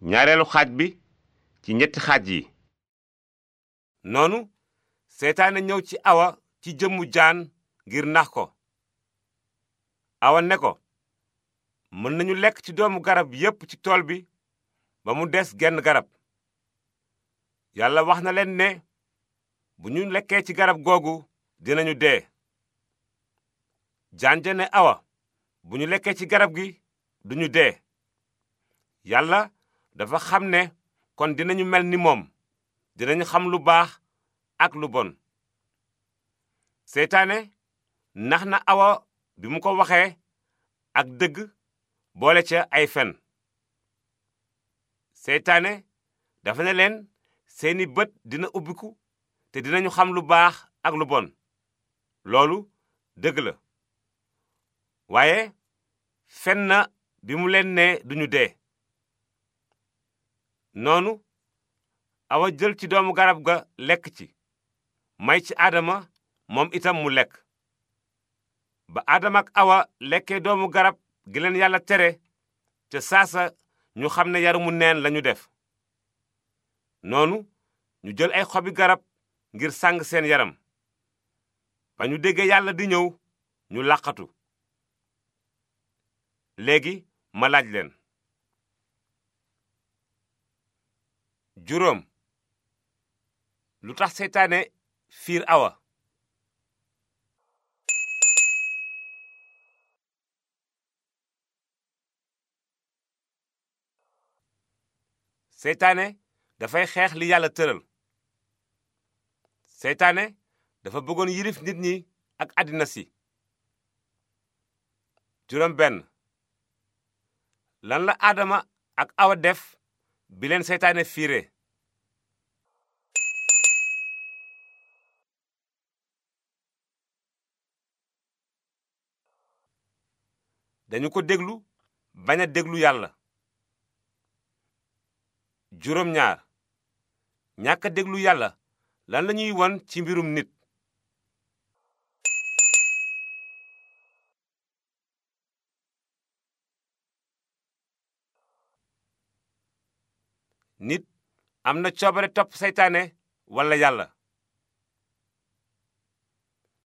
ñaareelu xaaj bi ci ñetti xaaj yi noonu seytaane ñëw ci awa ci jëmmu jaan ngir nax ko awa ne ko mën nañu lekk ci doomu garab yépp ci tool bi ba mu des genn garab yàlla wax na leen ne bu ñu lekkee ci garab googu dinañu dee jaan ja ne awa bu ñu lekkee ci garab gi duñu dee yàlla dafa xam ne kon dinañu mel ni moom dinañu xam lu baax ak lu bon seytaane nax na awa bi mu ko waxee ak dëgg boole ca ay fen seytaane dafa ne leen seeni bët dina ubbiku te dinañu xam lu baax ak lu bon loolu dëgg la waaye fen na bi mu leen nee duñu dee noonu awa jël ci doomu garab ga lekk ci may ci aadama moom itam mu lekk ba aadama ak awa lekkee doomu garab gi leen yàlla tere ca saasa ñu xam ne yaramu neen lañu def noonu ñu jël ay xobi garab ngir sàng seen yaram ba ñu déggee yàlla di ñëw ñu làqatu léegi ma laaj leen juróom lu tax seytaane fiir awa seytaane dafay xeex li yàlla tëral seytaane dafa bëggoon yirif nit ñi ak àddina si juróom benn lan la aadama ak awa def bi seytaane fiire dañu ko déglu bañ a déglu yàlla juróom ñaar ñàkk a déglu yàlla lan lañuy won ci mbirum nit nit am na coobare topp seytaane wala yàlla